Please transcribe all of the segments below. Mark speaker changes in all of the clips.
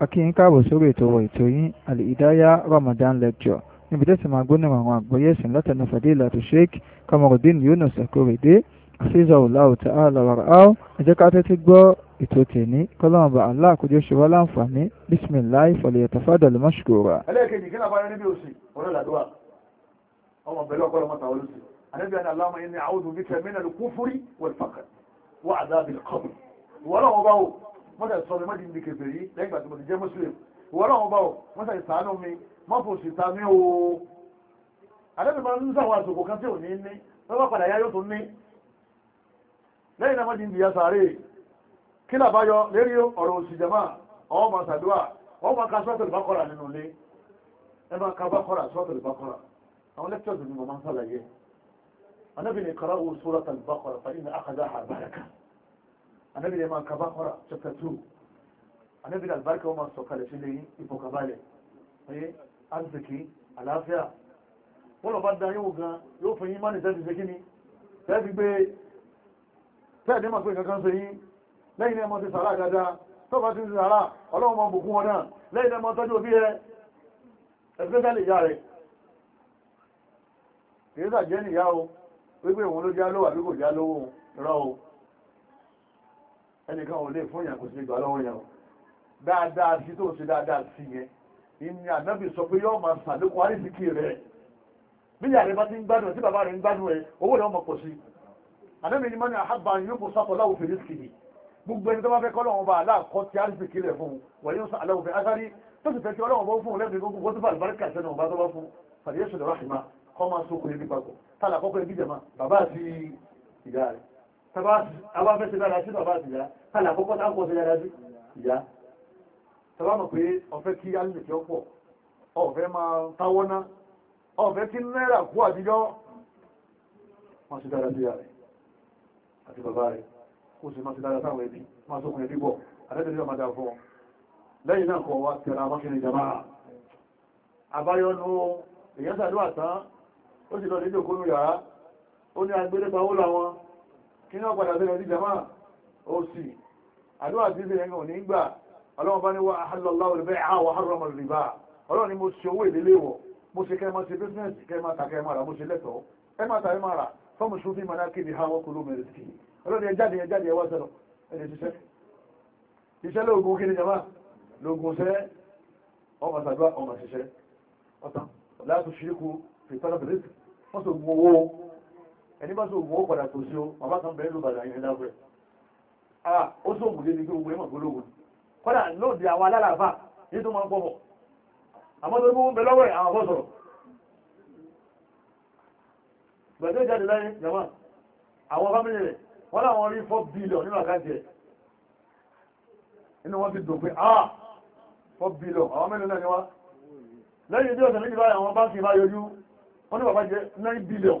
Speaker 1: akíyín káàbọ̀ sórí ètò ọ̀rọ̀ ètò yín àlìdáyà Ramadan lecture níbi tẹ́sí máa gbóná àwọn àgbọ̀yé ẹ̀sìn látẹnu fadilatu Sheikh Kamarudin Yunus Akorede àfihàn ọ̀làwọ̀ tá a lọ rà áwọ̀ ẹ jẹ́ ká tẹ́tí gbọ́ ètò tèmi kọ́lọ́mọba Allah àkójọ ṣe wá láǹfààní bisimilahi falyatafaddal mashkura. ẹlẹ́ẹ̀kejì kí làbáyọ níbi òsì ọ̀rẹ́ làdúrà ọmọ bẹ̀rẹ̀ ọkọ̀ lọ́mọ tàwọn olùsìn àníbi àná aláwọ̀ yẹn ni a'udhu bika minal kufri mọ́tà sọ mi mọ́tì ní kẹfẹ́ yìí lẹ́yìn ìgbà tí mo ti jẹ́ muslim ìwọ náà wọ́n bá o mọ́tà ìsàánú mi mọ́fò sì ta mí o àdébí máa ń sàwọn àsòkò kan tí ò ní ní wọ́n padà yá yóò tún ní lẹ́yìn náà mọ́tì ń di yasàárè kí làbáyọ lérí ọ̀rọ̀ òsì jama ọ̀ máa sàdúà ọ̀ máa ka sọ́tò ìbákọ́ra nínú ilé ẹ máa ka bákọ́ra sọ́tò ìbákọ́ra àwọn lẹ́kítọ̀sì ni mo máa ń sàlàyé anábìnrin kọ́ra wo sóràtà ìbákọ́ra fa iná àkàdá àbárakà anábì lè máa kaba kọ́ra chapter two anábì lè àlùbáríkà wọn máa sọ̀kalẹ̀ sílé ìfọ̀kàbalẹ̀ ọyẹ azikí àlàáfíà wọ́n lọ bá da yín wò gan yóò fún yín mánì sẹ́ẹ̀dì sẹ́kíní sẹ́ẹ̀ fi gbé sẹ́ẹ̀ ní màá pé kankan sọ yín lẹ́yìn ẹmọ ti sàárà dáadáa tó bá ti ń sàárà ọlọ́run mọ bùkún wọn náà lẹ́yìn ẹmọ tọ́jú òbí ẹ ẹgbẹ́gbẹ́lẹ̀ ìyá rẹ̀ èyí sàjẹ́ nìyá o wípé òun ló já bí kò já lówó o ẹnìkan ò lè fún ìyàn kò sí ìgbà lọ́wọ́ yẹn dáadáa sí tó ṣe dáadáa sí yẹn ìní ànábì sọ pé yóò máa sàlékún àrísìkí rẹ̀ bí ìyá rẹ̀ bá ti ń gbádùn tí bàbá rẹ̀ ń gbádùn ẹ̀ owó rẹ̀ ọmọ pọ̀ sí ànábì ni mọ́ ní àhábà yóò bó sápọ̀ láwù fèrè sí ni gbogbo ẹni tó bá fẹ́ kọ́ lọ́wọ́ bá aláàkọ́ ti àrísìkí rẹ̀ fún wọ́n yóò sàn aláwù fẹ́ ásárí tó sì fẹ́ kí ọlọ́wọ́ bó fún lẹ́bi gbogbo kó tó fà lùbáríkà sẹ́nu ọba tó bá fún fàdíyẹ́sùn lọ́wọ́ àṣìmá kọ́ máa sókun ibi papọ̀ tálà kọ́kọ́ ibi jẹ̀ma bàbá àti ìyá rẹ̀ tàbá fẹ́ sí dára sí bàbá àti ìyá kálà àkọ́kọ́ tá pọ̀ sí dára sí ìyá tàbá mọ̀ pé ọ̀fẹ́ kí alìlẹ̀ tí ó pọ̀ ọ̀fẹ́ máa táwọ́ ná ọ̀fẹ́ kí náírà kú àtijọ́ máa sí dára sí ìyá rẹ̀ àti bàbá rẹ̀ kó sì máa sí dára sáwọn ẹbí máa sókun ẹbí bọ̀ àtẹ́tẹ̀lẹ́ ọmọdé àfọ́ lẹ́yìn náà kọ̀ wá tẹ̀ra mákìnrin jàmáà àbáyọ́nú èèyàn sàdúrà tán ó sì lọ nílò kónú yàrá ó ní agbélépawó làwọn kí náà padà sílẹ̀ sí jama ó sì àdúrà tí ìṣẹ̀lẹ̀ ń ní gbà ọlọ́run bá ní wá ahallallāhu al-bay'a wa harrama ar-ribā ọlọ́run ni mo ṣe owó ìdílé wọ̀ mo ṣe kẹ́ẹ̀mọ́ ṣe bísínẹ́sì kẹ́ẹ̀mọ́ ta kẹ́ẹ̀mọ́ ra mo ṣe lẹ́tọ̀ọ́ kẹ́ẹ̀mọ́ ta kẹ́ẹ̀mọ́ ra fọ́ọ̀mù ṣúfì mọ́ná kéde ha wọ́n kúrò mẹ́rin sí ẹni bá sóògùn ó padà tó sí ó bàbá kan bẹ̀rẹ̀ ló bàdà yẹn lábẹ́ ah ó sóògùn lé ní pé ogun ẹmọ̀ gbólógùn kọ́dà lóòdì àwọn alálàáfà ní tó máa ń pọ̀pọ̀ àmọ́ tó gbóhùn bẹ lọ́wọ́ ẹ̀ àwọn afọ́sọ̀rọ̀ gbẹ̀dẹ́ jáde láyé jama àwọn fámìlì rẹ̀ wọ́n láwọn rí 4 billion nínú àkáǹtì ẹ̀ inú wọ́n fi dùn pé ah 4 billion àwọn mẹ́rin náà ni wá lẹ́yìn tí ọ̀sẹ̀ méjì báyìí àwọn báńkì bá yọjú wọ́n ní bàbá jẹ́ 9 billion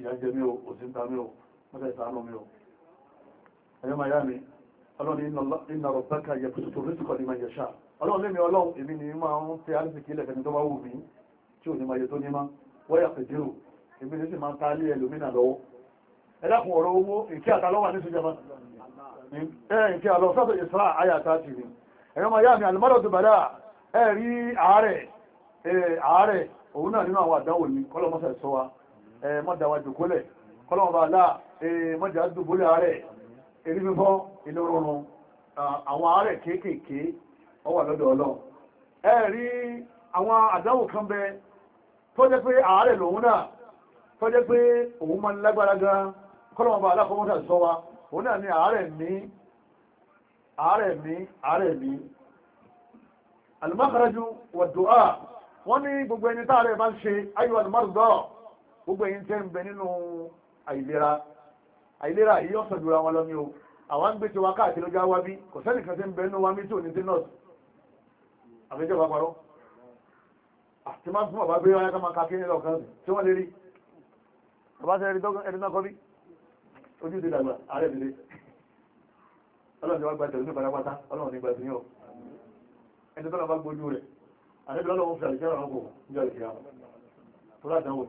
Speaker 1: ìyàjẹ́ mi ò òsìntà mi ò mọ́lẹ̀ ìsànà mi ò ẹ̀yọ́ màá yá mi ọlọ́run iná rọ̀bẹ́kà yẹ kò tó rísìkọ̀ ní máa yẹ̀ṣà ọlọ́run lé mi ọlọ́run èmi ni máa ń fẹ́ àrísìkí ilẹ̀ fẹ́ni tó bá wù mí tí ò ní máa yẹ tó ní má wọ́yà pẹ̀jẹ́rò èmi ní sì máa ń ta ilé ẹlòmínà lọ́wọ́ ẹ̀dàkùn ọ̀rọ̀ owó ìkí àtàlọ́wà ní ìṣèjọba ìkí àlọ́ sọ́tọ̀ ìsra àyàtà ti ni ẹ̀yọ́ máa yá mi àlùmọ́dọ̀ tó bàdá ẹ̀ rí àárẹ̀ àárẹ̀ òun náà nínú àwọn àdánwò ni kọ́lọ́mọ́sẹ̀ sọ wa mọ́dàwà jùkúlẹ̀ aláà dùbúlẹ̀ ààrẹ erí mímọ́ ìlọ́rọ̀rùn àwọn ààrẹ kéékèèké ọwà lọ́dọ̀ ọlọ́ ẹ rí àwọn àdáwò kan bẹ tó jẹ́ pé ààrẹ lòun náà tó jẹ́ pé òun máa lágbára gan sọ wa wọ́n ní gbogbo ẹni ń ṣe gbogbo ẹ̀yin tẹ́ ń bẹ nínú àìlera àìlera yìí yóò wọn lọ o àwọn ń gbé tiwa káàkiri lọ́jọ́ wá bí kò sẹ́nì kan tí ń bẹ nínú wa mí tí ò ní tenors àfẹ́jọ́ wa parọ́ àti máa ń fún bàbá gbé ọyá ká máa ka kí nílọ kan tí wọ́n lè rí bàbá sẹ́ ẹni náà kọ́ bí ojú ti dàgbà ààrẹ ìdílé ọlọ́run ti wá gba tẹ̀lé pátápátá ọlọ́run ní gba tẹ̀lé ọ̀ ẹni tó bá gbójú rẹ̀ àdébìlọ́lọ́run fi àlìkẹ́ ọ̀rọ̀ ọkọ̀ níjọ́ ìkìyàwó tó láti àwọn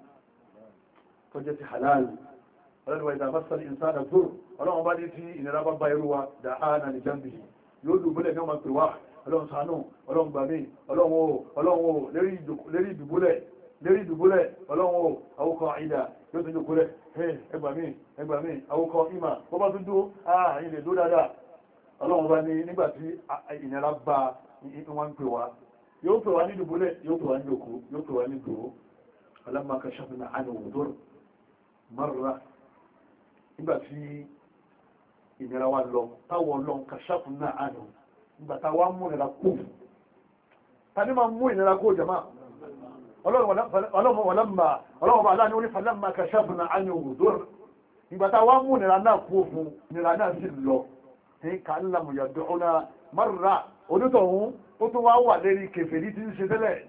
Speaker 1: tó jẹ́ ti halal ọlọ́dúnwà ìdàmásà ní ìsáàdà tó ọlọ́run bá ní tí ìnira bá bá irú wa dà á nà ní jambi yóò dùn múlẹ̀ ní ọmọ pè wá ọlọ́run ṣàánú ọlọ́run gbà mí ọlọ́run o ọlọ́run o lérí ìdùbúlẹ̀ lérí ìdùbúlẹ̀ ọlọ́run o àwòkọ ìdà yóò tún jòkúlẹ̀ ẹgbà mí ẹgbà mí àwòkọ ìmà bó bá tún dúró ààrin lè dó dáadáa ọlọ́run bá ní nígbà tí ìnira bá wọn pè wá yóò pè wá ní ìdùbúlẹ̀ yóò pè wá ní jòkó yóò pè wá ní dòó márùn-ún nígbà tí ìnira wa lọ táwọn lọ kàṣàkù náà àná nígbà táwa mú ìnira kó tani máa mú ìnira kó jama ọlọ́mọ wàlámà ọlọ́mọ bàálà ní orí falámà kàṣàkù náà àná òdò nígbà táwa mú ìnira náà kó fún ìnira náà sì lọ ní kàálàmù yàdọ̀ ọ̀nà márùn-ún onítọ̀hún ó tún wá wà lérí kèfèrí tí ń ṣe tẹ́lẹ̀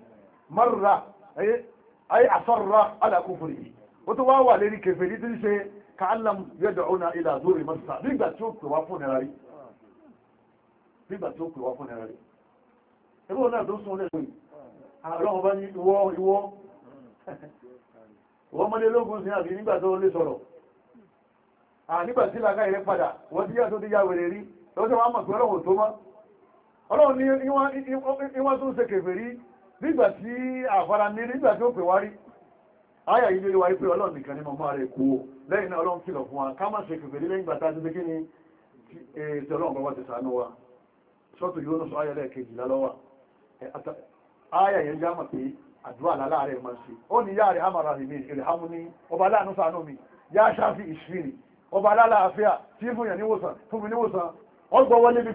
Speaker 1: márùn ayé àsọ̀rọ̀ alákòfòrò yìí ó tó wá wà lérí kèfè ní tí ń ṣe káàlàm yẹ́dọ̀ ọ̀nà ilà lórí mọ́sá nígbà tí ó pè wá fún ẹ̀rọ rí nígbà tí ó pè wá fún ẹ̀rọ rí ẹgbẹ́ ọ̀nà tó sún lẹ́gbẹ̀ẹ́ àlọ́wọ́ bá ní ìwọ ìwọ ìwọ mọ́lé lógún sí àbí nígbà tó lè sọ̀rọ̀ nígbà tí làgá ìrẹ́ padà wọ́n ti yá tó ti yá wèrè rí lọ́sẹ̀ wọ́n mọ̀ pé ọlọ́run tó mọ́ ọlọ́run ní ìwọ́n tó ń ṣe kèfè rí nígbà tí àfara ní nígbà tí pè wá rí Aya yìí lórí wa ipé ọlọ́run nìkan ní mọ̀mọ́ rẹ̀ kú lẹ́yìn náà ọlọ́run kìlọ̀ fún wa ká má ṣe kèfèrè lẹ́yìn gbàtà ti fi ni ètò eh, ọlọ́run bọ́wọ́ ti sànú wa sọ́tù yóò lọ́sọ ayà rẹ̀ kejì lálọ́wà eh, ayà yẹn já amara rẹ̀ mi èrè hamu ní ọba aláàánú sànú mi yá ṣáfi ìṣirì ọba alálàáfíà tí fún yẹn níwòsàn fún mi níwòsàn ọgbọ̀wọlé bí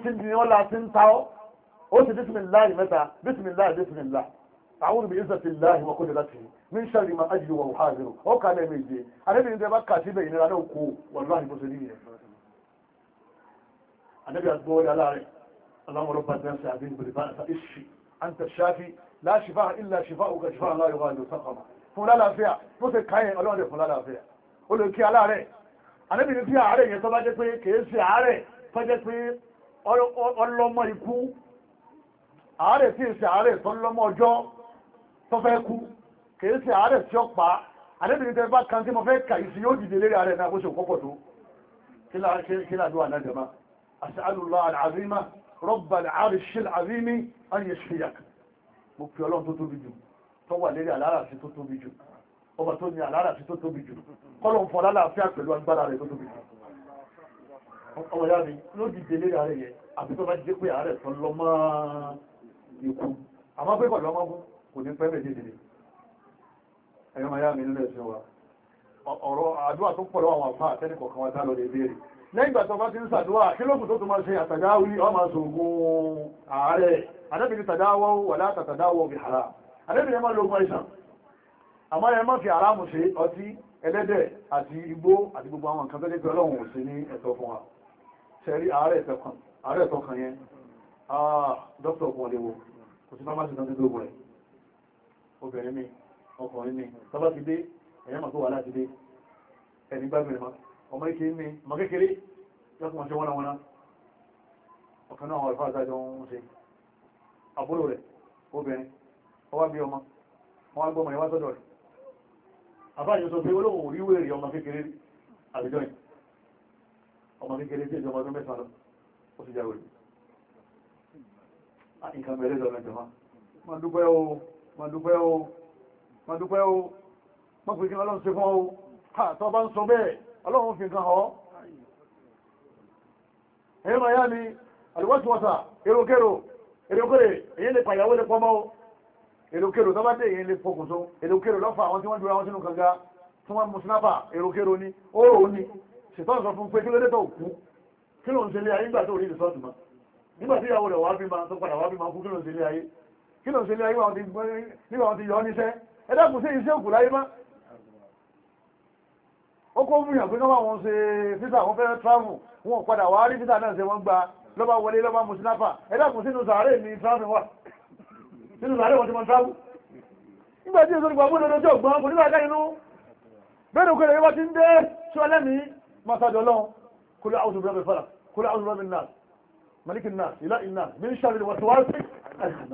Speaker 1: tí àwọn ìbìyànjẹ́sì láàrin wọn kó lè láti ní ṣàrí ma ájì wọn wà zero ó kà lẹ́ méje àdébìnrin tẹ bá kà síbẹ̀ ìnira náà kó wọn láàrin bóṣe ní ìyẹn àdébìnrin àti gbọ́wọ́lẹ̀ aláàrẹ̀ aláwọ̀rọ̀ bá dán sí àbí ìgbèrè bá àṣà ìṣì àǹtà ṣáfi láṣìfà ìlà ṣìfà òkè ṣìfà aláyọ̀ wà ní ọ̀sán fún lálàáfíà bó ṣe káyẹ̀ ọlọ́run fún lálàáfíà ó lè kí aláàrẹ̀ àdébìnrin tí àárẹ̀ yẹn tó bá jẹ́ pé kìí ṣe àárẹ̀ tó jẹ́ pé ọlọ́mọ ikú àárẹ̀ tí ì ṣe àárẹ̀ tó lọ́mọ ọjọ́ tó fẹ́ kú kìí sí àárẹ̀ tí ó pa àdébìnrin tẹ bá kan tí mo fẹ́ kà ìsìn yóò dìde lérí ààrẹ náà kóṣe òpópọ̀ tó kí láàdúwà náà jẹma as'alullah al-azima rabbal arshil azimi an yashfiyak mo fi ọlọ́run tó tóbi jù tó wà lérí àláràsí tó tóbi jù ọba tó ní àláràsí tó tóbi jù kọ́lọ̀ ń fọ lálàáfíà pẹ̀lú agbára rẹ̀ tó tóbi jù ọmọ ìyá mi fún kò ní pẹ́lẹ̀ dìdìdì ẹ̀yọ́ ma yá mi nílẹ̀ ṣe wa ọ̀rọ̀ àdúwà tó pọ̀lọ́ àwọn àfáà tẹ́nìkọ̀ kan wá dálọ́ lè béèrè lẹ́yìn ìgbà tó bá ti ń sàdúwà kí ló kù tó tún máa ṣe àtàdáwí ọmọ sògùn ààrẹ adébìnrin tàdáwọ́ wà látàtàdáwọ́ bí hàrá adébìnrin máa lóògùn àìsàn àmọ́ ẹ má fi àrámù ṣe ọtí ẹlẹ́dẹ̀ àti igbó àti gbogbo àwọn nǹkan tẹ́lẹ́gbẹ́ ọlọ́run ò sí ní ẹ̀tọ́ fún wa ṣẹ̀rí ààrẹ ẹ̀tọ́ kan yẹn dókítà ọkùnrin wo kò sí fámásì náà tó gbogbo rẹ̀ obìnrin mi ọkùnrin mi tọ́bá ti dé ẹ̀yẹ́ màá tó wà láti dé ẹni gbàgbìnrin ma ọmọ ike ní ọmọ kékeré lọ́kùnmọ̀ ṣe wọ́n wọn ọ̀kan náà ọ̀rẹ́fà àtàjọ ń ṣe àbúrò rẹ̀ obìnrin ọwá bí ọmọ wọn wá gbọ́mọ̀ ìwá sọ́dọ̀ rẹ̀ àbáyọ sọ pé olóhùn orí wèrè ọmọ kékeré àbíjọ́ yìí ọmọ kékeré tí ìjọba ọdún mẹ́ta lọ ó ah, dúpẹ́ o mọ̀dúpẹ́ o mọ̀dúpẹ́ o mọ́ pé kí ọlọ́run ṣe fún o tọ́ bá ń sọ bẹ́ẹ̀ ọlọ́run fi nǹkan họ́ ẹ̀yẹ́ ma yá ni àlúwọ́síwọ́sà èròkèrò èròkèrè èyí lè pàyàwó lè pọ́mọ́ o èròkèrò tọ́ èyí lè pokùnso ni oòrò ni ṣètọ́n sọ fún pé kí ló dé tó kú kí ló ń ṣe lé ayé nígbà tó rí ìsọ́ọ̀tì ma nígbà tí ìyàwó rẹ̀ wá bí ma tó padà wá bí ma kú kí ló ń ṣe lé ayé kí ló ń ṣe ní ayé wọn ti yọ níṣẹ́ ẹ̀dàkùn sí iṣẹ́ òkú láyé má ó kó mú yàn pé náà wọn ṣe físà wọn fẹ́rẹ́ travel wọn padà wá rí físà náà ṣe wọ́n gba lọ́ba wọlé lọ́ba musinafa ẹ̀dàkùn sínú sàárè travel wà sínú sàárè wọn ti mọ travel nígbà tí èso nígbà mú lọ́dọ̀ tó gbọ́n kò nígbà ká inú bẹ́ẹ̀ òkèrè yóò bá ti ń dé sí ọlẹ́mí masajọ lọ́n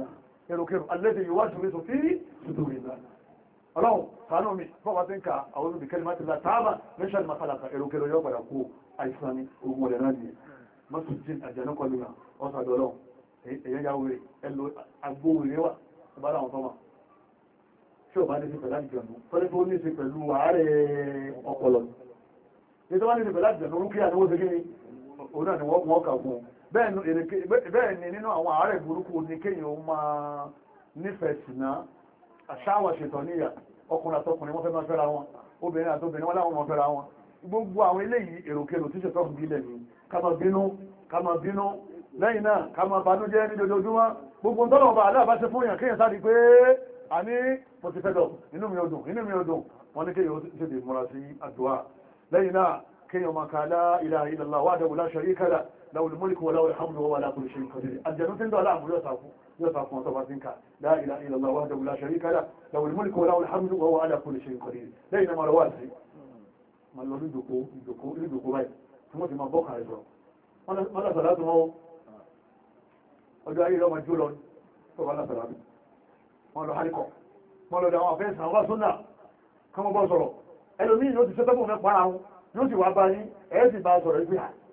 Speaker 1: kó kẹrùkẹrù alẹ́dẹ̀ ìwájú rẹ̀ tó fi rí tuntun rẹ̀ náà ọlọ́run sàánú mi bọ́wọ́ tí ń ka àwọn olùbí kẹlìmá ti la tààbà mẹ́ṣẹ́lì masalasa ẹrùkẹrù yọ padà kú àìsàn ní ogun ọ̀dẹ̀ náà nìyẹn mọ́tò jín àjẹnúkọlù náà ọ̀sà dọ́lọ́ èyàn ya wèrè ẹlò agbó wèrè wà ìbára àwọn tọ́mà tí ò bá ní sí pẹ̀lá ìjọ̀nù tọ́lé tó ní sí pẹ̀lú ààrẹ ọpọlọ ní tó bá ní sí pẹ̀lá ìjọ̀nù rúkìá ni wọ́n ti kí ni òun náà ni wọ́n kà bẹ́ẹ̀ ni nínú àwọn àárẹ̀ burúkú ní kéyàn ó máa nífẹ̀ẹ́ sínà àṣáwà ṣètọ̀ níyà ọkùnrin àtọkùnrin wọ́n fẹ́ máa fẹ́ra wọn obìnrin àtobìnrin wọ́n láwọn máa fẹ́ra wọn gbogbo àwọn eléyìí èròkèrò tí ṣètọ̀ ń bílẹ̀ ní له الملك وله الحمد وهو على كل شيء قدير الجنة تندو على أمر يصعب يصعب مصطفى تنكع لا إله إلا الله وحده لا شريك له له الملك وله الحمد وهو على كل شيء قدير لين ما رواسي ما لو ندوكو ندوكو ندوكو باي ثم تما بوكا يزو ما لا صلاة مو ọjọ́ ayé lọ́mọ jù lọ tó bá lásàrà bí wọ́n lọ haríkọ̀ wọ́n lọ dáwọn afẹ́ ìsàn wá súnà kọmọ bọ́ sọ̀rọ̀ ẹlòmí yóò ti sẹ́tọ́bùn mẹ́pàá àwọn yóò sì wá bá yí ẹ̀ẹ́sì bá sọ̀rọ̀ ìgbéhàn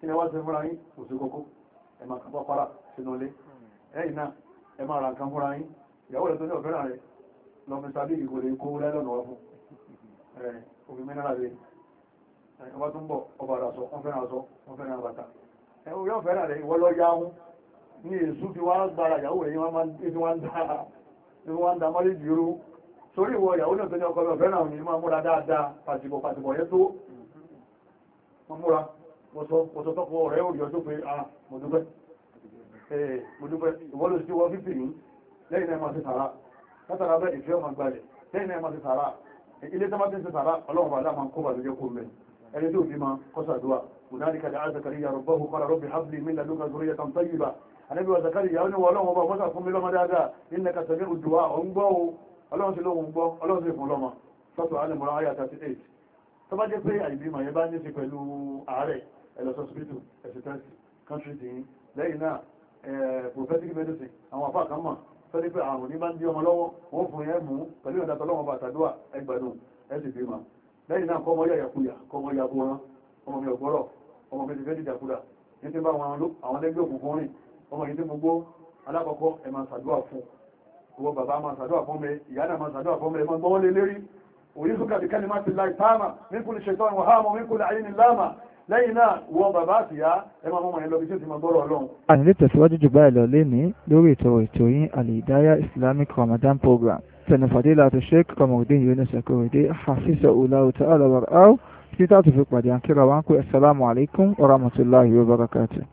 Speaker 1: kí ẹ wá ṣe fúnra yín kò kókó ẹ máa kàn sínú ilé ẹ̀yìn náà ẹ máa ra fúnra yín ìyàwó rẹ̀ tó ní ọ̀fẹ́ràn rẹ̀ lọ́mọ sábì ìgò lè kó lẹ́lọ́nà wá fún omi mẹ́nàlá rẹ̀ ọba tó ń bọ̀ ọba àdàsọ wọ́n fẹ́ràn aṣọ wọ́n fẹ́ràn bàtà ẹ̀hún yóò rẹ̀ ìwọ lọ yá mọ̀sọ̀tọ́kọ̀ rẹ̀ ó yọjọ́ pé a ah, mọ̀dúgbẹ́ ìwọ́n sí wọ́n fífì ní lẹ́yìn náà máa sàárá látara bẹ́ ìfẹ́ ọmọ gbalẹ̀ lẹ́yìn náà máa sàárá ilé tó máa ti sàárá ọlọ́run bàdá máa kó bàdó jẹ́ kó mẹ́ 38 tó jẹ́ pé àìbímọ yẹn bá ní sí pẹ̀lú àárẹ̀ ẹlọ́sọ́sibítù ẹ̀sìtẹ́sì country dín lẹ́yìn náà prophetic medicine àwọn àfáà kan mọ̀ sọ́dí pé àrùn ní bá ń dí ọmọ lọ́wọ́ wọ́n fún yẹn mú pẹ̀lú ìrìnàtọ̀ lọ́wọ́ bá àtàdúà ẹgbẹ̀dùn ẹ̀sì bí ma lẹ́yìn náà kọ́mọ yàyà kuyà kọ́mọ ya bó rán ọmọ mi ọ̀gbọ́rọ̀ ọmọ mi ti fẹ́ dìjà kúdà ní ti bá àwọn lẹ́gbẹ́ òkùnkùn rìn ọmọ yìí ti gbogbo alákọ̀ọ́kọ́ ẹ̀ máa ṣàdúà fún gbogbo bàbá máa ṣàdúà fún mi ìyá náà máa ṣàdúà fún mi ẹ̀ máa gbọ́wọ́ lé lérí òyìnbó kàbíkẹ́ni má ti láì táàmà mí kúlù ṣètọ́ ìwọ̀n háàmọ́ mí kúlù ayé ni lẹ́yìn náà wọ bàbá àtìyá ẹ máa mọ́mọ́ yẹn tẹ̀síwájú jù báyìí lọ lénìí lórí ètò ètò yín àlìdáyà Islamic Ramadan Program tẹnifàdé láti Sheikh Kamaldeen Yunus Akorede hafiza ulawu ta'ala warau títà tó fi pàdé àkírà wa ń pè assalamu alaikum wa rahmatullahi wa